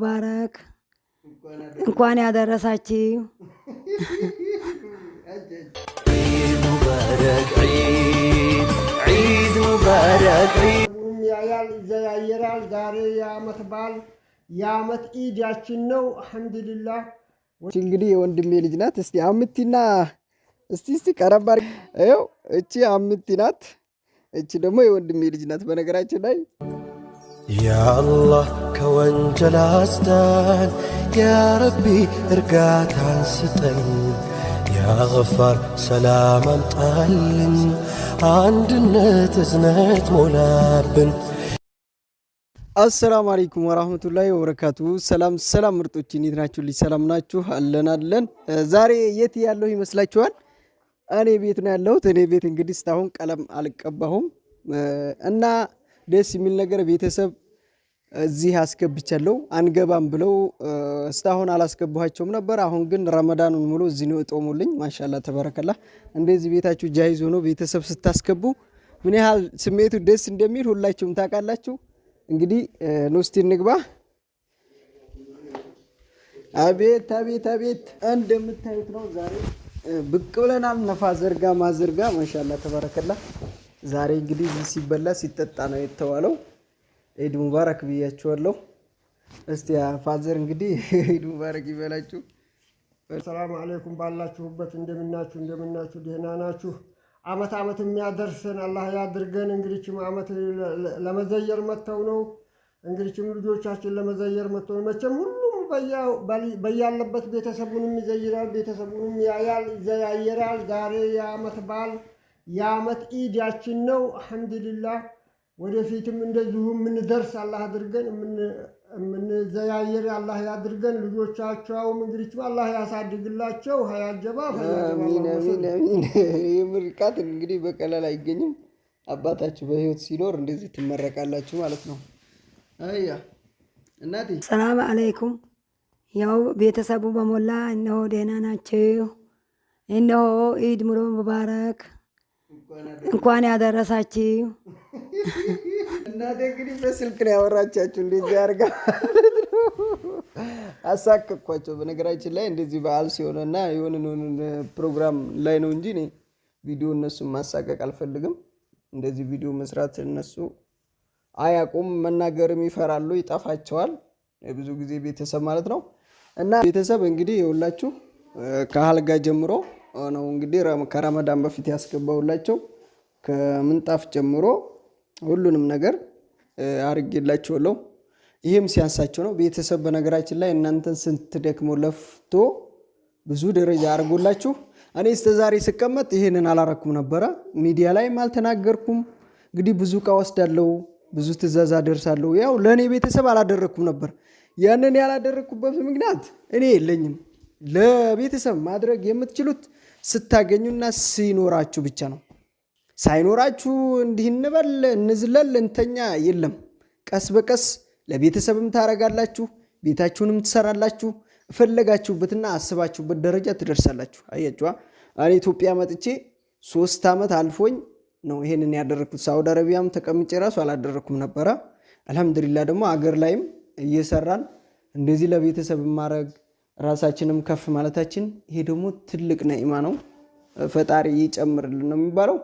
ሙባረክ እንኳን ያደረሳችሁ። ያያል ይዘያየራል። ዛሬ የአመት በዓል የአመት ኢዳችን ነው። አልሐምዱሊላህ። እንግዲህ የወንድሜ ልጅ ናት። እስቲ አምቲና እስቲ እስቲ ቀረባ ው እቺ አምቲ ናት። እቺ ደግሞ የወንድሜ ልጅ ናት። በነገራችን ላይ ያአላህ ከወንጀል አስዳን ያረቢ እርጋታን ስጠን ያገፋር ሰላም አምጣልን አንድነት እዝነት ሞላብን። አሰላሙ አለይኩም ወራህመቱላሂ ወበረካቱ። ሰላም ሰላም ምርጦች እንዴት ናችሁ? ልጅ ሰላም ናችሁ? አለን አለን። ዛሬ የት ያለሁ ይመስላችኋል? እኔ ቤት ነው ያለሁት። እኔ ቤት እንግዲህ እስካሁን ቀለም አልቀባሁም እና ደስ የሚል ነገር ቤተሰብ እዚህ አስገብቻለሁ። አንገባም ብለው እስካሁን አላስገባኋቸውም ነበር። አሁን ግን ረመዳኑን ሙሉ እዚህ ነው እጦሙልኝ። ማሻላ ተበረከላ። እንደዚህ ቤታችሁ ጃይዞ ነው ቤተሰብ ስታስገቡ ምን ያህል ስሜቱ ደስ እንደሚል ሁላችሁም ታውቃላችሁ። እንግዲህ ንውስቲ እንግባ። አቤት አቤት አቤት! እንደምታዩት ነው ዛሬ ብቅ ብለናል። ነፋ ዘርጋ ማዘርጋ ማሻላ ተበረከላ። ዛሬ እንግዲህ እዚህ ሲበላ ሲጠጣ ነው የተዋለው። ኢድ ሙባረክ ብያችኋለሁ። እስቲ ፋዘር እንግዲህ ኢድ ሙባረክ ይበላችሁ። ሰላም አለይኩም ባላችሁበት፣ እንደምናችሁ እንደምናችሁ፣ ደህና ናችሁ? አመት አመት የሚያደርሰን አላህ ያድርገን። እንግዲችም አመት ለመዘየር መጥተው ነው እንግዲችም ልጆቻችን ለመዘየር መጥተው ነው። መቼም ሁሉም በያለበት ቤተሰቡንም ይዘይራል፣ ቤተሰቡንም ያያል፣ ይዘያየራል። ዛሬ የአመት በዓል የአመት ኢዳችን ነው። አልሐምዱሊላህ ወደፊትም እንደዚሁ የምንደርስ አላህ አድርገን የምንዘያየር አላህ ያድርገን። ልጆቻቸውም እንግዲህ አላህ ያሳድግላቸው። ሀያጀባ ምርቃት እንግዲህ በቀላል አይገኝም። አባታችሁ በህይወት ሲኖር እንደዚህ ትመረቃላችሁ ማለት ነው። አያ እናቴ ሰላም አለይኩም። ያው ቤተሰቡ በሞላ እነሆ ደህና ናቸው። እነሆ ኢድ ሙሉ ሙባረክ እንኳን ያደረሳችሁ። እናቴ እንግዲህ በስልክ ነው ያወራቻችሁ። እንደዚህ አድርጋ አሳከኳቸው። በነገራችን ላይ እንደዚህ በዓል ሲሆነና የሆነ ፕሮግራም ላይ ነው እንጂ እኔ ቪዲዮ እነሱን ማሳቀቅ አልፈልግም። እንደዚህ ቪዲዮ መስራት እነሱ አያቁም መናገርም ይፈራሉ፣ ይጠፋቸዋል። ብዙ ጊዜ ቤተሰብ ማለት ነው እና ቤተሰብ እንግዲህ የሁላችሁ ከአልጋ ጀምሮ ነው እንግዲህ ከረመዳን በፊት ያስገባውላቸው ከምንጣፍ ጀምሮ ሁሉንም ነገር አርጌላቸውለው። ይህም ሲያንሳቸው ነው ቤተሰብ። በነገራችን ላይ እናንተን ስንት ደክሞ ለፍቶ ብዙ ደረጃ አድርጎላችሁ እኔ እስከ ዛሬ ስቀመጥ ይህንን አላረኩም ነበረ። ሚዲያ ላይም አልተናገርኩም። እንግዲህ ብዙ እቃ ወስዳለው፣ ብዙ ትእዛዝ አደርሳለሁ። ያው ለእኔ ቤተሰብ አላደረግኩም ነበር። ያንን ያላደረግኩበት ምክንያት እኔ የለኝም። ለቤተሰብ ማድረግ የምትችሉት ስታገኙና ሲኖራችሁ ብቻ ነው። ሳይኖራችሁ እንዲህ እንበል እንዝለል እንተኛ የለም። ቀስ በቀስ ለቤተሰብም ታረጋላችሁ፣ ቤታችሁንም ትሰራላችሁ፣ ፈለጋችሁበትና አስባችሁበት ደረጃ ትደርሳላችሁ። አያችዋ እኔ ኢትዮጵያ መጥቼ ሶስት ዓመት አልፎኝ ነው ይሄንን ያደረግኩት። ሳውዲ አረቢያም ተቀምጬ ራሱ አላደረግኩም ነበረ። አልሐምዱሊላ ደግሞ አገር ላይም እየሰራን እንደዚህ ለቤተሰብ ማድረግ ራሳችንም ከፍ ማለታችን ይሄ ደግሞ ትልቅ ነዒማ ነው። ፈጣሪ ይጨምርልን ነው የሚባለው።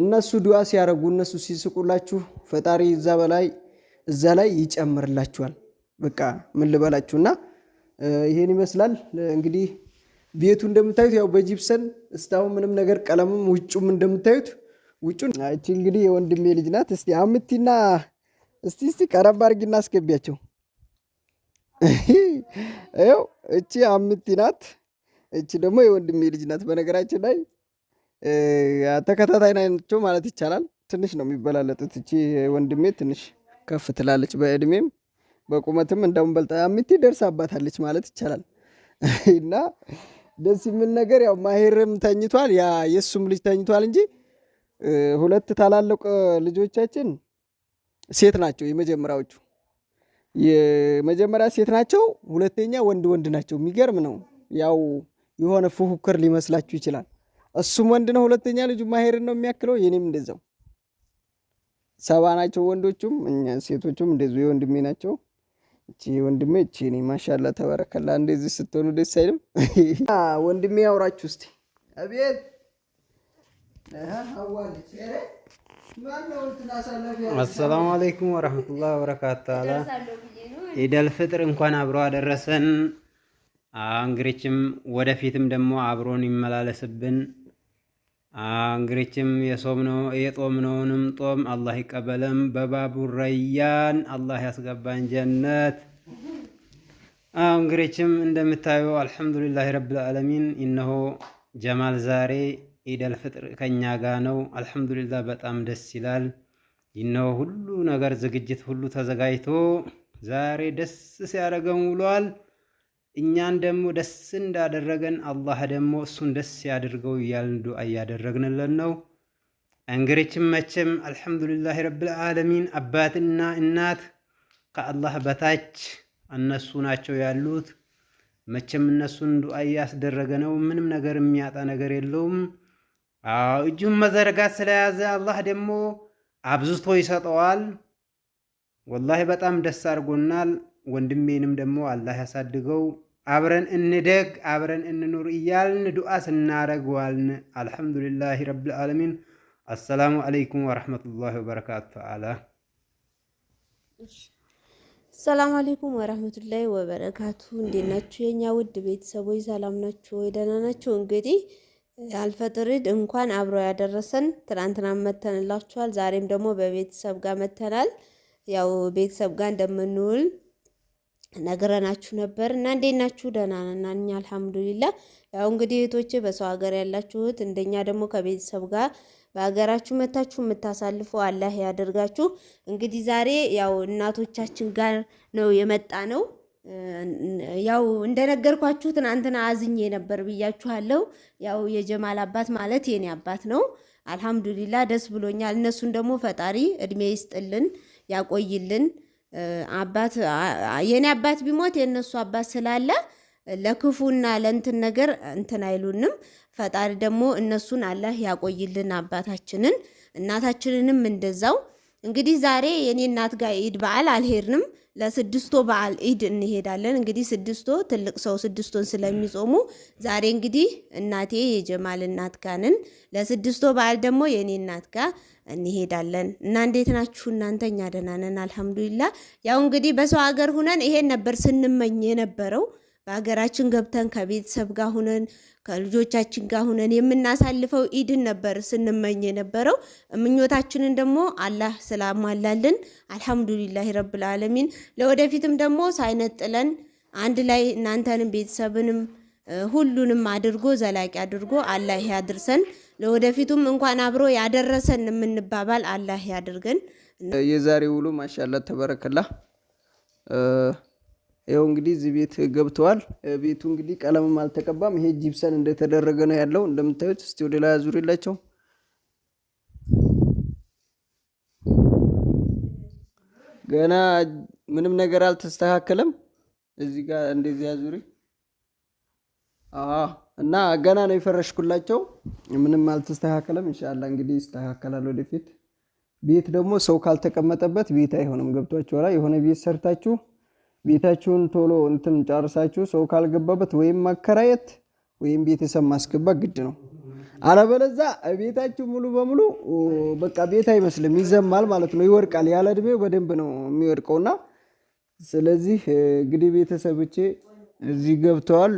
እነሱ ዱዓ ሲያደርጉ እነሱ ሲስቁላችሁ ፈጣሪ እዛ በላይ እዛ ላይ ይጨምርላችኋል። በቃ ምን ልበላችሁ እና ይሄን ይመስላል እንግዲህ ቤቱ እንደምታዩት ያው በጂፕሰን እስታሁን ምንም ነገር ቀለምም ውጩም እንደምታዩት ውጩን እንግዲህ የወንድሜ ልጅ ናት። እስቲ አምቲና እስቲ እስቲ ቀረብ አድርጊና እናስገቢያቸው ይኸው እቺ አምቲ ናት። እቺ ደግሞ የወንድሜ ልጅ ናት። በነገራችን ላይ ተከታታይ ናቸው ማለት ይቻላል። ትንሽ ነው የሚበላለጡት። እቺ ወንድሜ ትንሽ ከፍ ትላለች በእድሜም በቁመትም እንደውም በልጣ አምቲ ደርሳባታለች ማለት ይቻላል። እና ደስ የሚል ነገር ያው ማሄርም ተኝቷል፣ ያ የእሱም ልጅ ተኝቷል እንጂ ሁለት ታላላቅ ልጆቻችን ሴት ናቸው የመጀመሪያዎቹ የመጀመሪያ ሴት ናቸው፣ ሁለተኛ ወንድ ወንድ ናቸው። የሚገርም ነው። ያው የሆነ ፉክክር ሊመስላችሁ ይችላል። እሱም ወንድ ነው። ሁለተኛ ልጁ ማሄርን ነው የሚያክለው። የኔም እንደዛው ሰባ ናቸው ወንዶቹም፣ እኛ ሴቶቹም እንደዚ የወንድሜ ናቸው። እቺ ወንድሜ እቺ ኔ ማሻላ ተበረከላ። እንደዚህ ስትሆኑ ደስ አይልም? ወንድሜ ያውራችሁ እስቲ አቤት አሰላሙ አለይኩም ወረህመቱላህ ወበረካቱ። ታላ ኢደል ፍጥር እንኳን አብሮ አደረሰን። እንግሪችም ወደፊትም ደግሞ አብሮን ይመላለስብን። እንግሪችም የጾምነውንም ጦም አላህ ይቀበለም። በባቡ ረያን አላህ ያስገባን ጀነት። እንግሪችም እንደምታየው አልሐምዱሊላህ ረብል ዓለሚን። እነሆ ጀማል ዛሬ ኢደል ፍጥር ከኛ ጋ ነው። አልሐምዱሊላ በጣም ደስ ይላል። ይነው ሁሉ ነገር ዝግጅት ሁሉ ተዘጋጅቶ ዛሬ ደስ ሲያደርገን ውሏል። እኛን ደግሞ ደስ እንዳደረገን አላህ ደግሞ እሱን ደስ ያድርገው እያልን እያደረግንለን ነው። እንግሪችም መቼም አልሐምዱሊላህ ረብል ዓለሚን አባትና እናት ከአላህ በታች እነሱ ናቸው ያሉት። መቼም እነሱን ዱአ እያስደረገ ነው። ምንም ነገር የሚያጣ ነገር የለውም። እጁን መዘርጋት ስለያዘ አላህ ደግሞ አብዝቶ ይሰጠዋል። ወላሂ በጣም ደስ አድርጎናል። ወንድሜንም ደግሞ አላህ ያሳድገው። አብረን እንደግ፣ አብረን እንኑር እያልን ዱዓ ስናረግዋልን። ዋልን። አልሐምዱሊላህ ረብል ዓለሚን። አሰላሙ አለይኩም ወረሕመቱላሂ ወበረካቱ። አላ አሰላሙ አለይኩም ወረሕመቱላሂ ወበረካቱ። እንዴት ናችሁ የእኛ ውድ ቤተሰቦች? ሰላም ናችሁ ወይ? ደህና ናችሁ? እንግዲህ አልፈጥሪድ እንኳን አብሮ ያደረሰን። ትናንትና መተንላችኋል። ዛሬም ደግሞ በቤተሰብ ጋር መተናል። ያው ቤተሰብ ጋር እንደምንውል ነግረናችሁ ነበር እና እንዴት ናችሁ? ደህና ነን እኛ አልሐምዱሊላ። ያው እንግዲህ እህቶቼ በሰው ሀገር ያላችሁት እንደኛ ደግሞ ከቤተሰብ ጋር በሀገራችሁ መታችሁ የምታሳልፈው አላህ ያደርጋችሁ። እንግዲህ ዛሬ ያው እናቶቻችን ጋር ነው የመጣ ነው ያው እንደነገርኳችሁ ትናንትና አዝኜ ነበር ብያችኋለሁ። ያው የጀማል አባት ማለት የኔ አባት ነው። አልሐምዱሊላ ደስ ብሎኛል። እነሱን ደግሞ ፈጣሪ እድሜ ይስጥልን ያቆይልን። አባት የኔ አባት ቢሞት የእነሱ አባት ስላለ ለክፉና ለእንትን ነገር እንትን አይሉንም። ፈጣሪ ደግሞ እነሱን አላህ ያቆይልን አባታችንን፣ እናታችንንም እንደዛው። እንግዲህ ዛሬ የኔ እናት ጋር ኢድ በዓል አልሄድንም ለስድስቶ በዓል ኢድ እንሄዳለን። እንግዲህ ስድስቶ ትልቅ ሰው ስድስቶን ስለሚጾሙ ዛሬ እንግዲህ እናቴ የጀማል እናት ጋንን ለስድስቱ ለስድስቶ በዓል ደግሞ የእኔ እናት ጋር እንሄዳለን እና እንዴት ናችሁ እናንተ? እኛ ደህና ነን አልሐምዱሊላ። ያው እንግዲህ በሰው ሀገር ሁነን ይሄን ነበር ስንመኝ የነበረው በሀገራችን ገብተን ከቤተሰብ ጋር ሁነን ከልጆቻችን ጋር ሁነን የምናሳልፈው ኢድን ነበር ስንመኝ የነበረው። ምኞታችንን ደግሞ አላህ ስላሟላልን አልሐምዱሊላህ ረብል አለሚን ለወደፊትም ደግሞ ሳይነጥለን አንድ ላይ እናንተንም ቤተሰብንም ሁሉንም አድርጎ ዘላቂ አድርጎ አላህ ያድርሰን። ለወደፊቱም እንኳን አብሮ ያደረሰን የምንባባል አላህ ያድርገን። የዛሬ ውሎ ማሻላ ተበረከላ ይኸው እንግዲህ እዚህ ቤት ገብተዋል። ቤቱ እንግዲህ ቀለምም አልተቀባም። ይሄ ጂፕሰን እንደተደረገ ነው ያለው እንደምታዩት። እስቲ ወደ ላይ አዙሪላቸው። ገና ምንም ነገር አልተስተካከለም። እዚህ ጋር እንደዚህ አዙሪ እና ገና ነው የፈረሽኩላቸው። ምንም አልተስተካከለም። እንሻላ እንግዲህ ይስተካከላል ወደፊት። ቤት ደግሞ ሰው ካልተቀመጠበት ቤት አይሆንም። ገብቷችኋል። የሆነ ቤት ሰርታችሁ ቤታችሁን ቶሎ እንትን ጨርሳችሁ ሰው ካልገባበት ወይም ማከራየት ወይም ቤተሰብ ማስገባት ግድ ነው። አለበለዛ ቤታችሁ ሙሉ በሙሉ በቃ ቤት አይመስልም፣ ይዘማል ማለት ነው፣ ይወድቃል። ያለ እድሜው በደንብ ነው የሚወድቀውና ስለዚህ እንግዲህ ቤተሰቦቼ እዚህ ገብተዋል።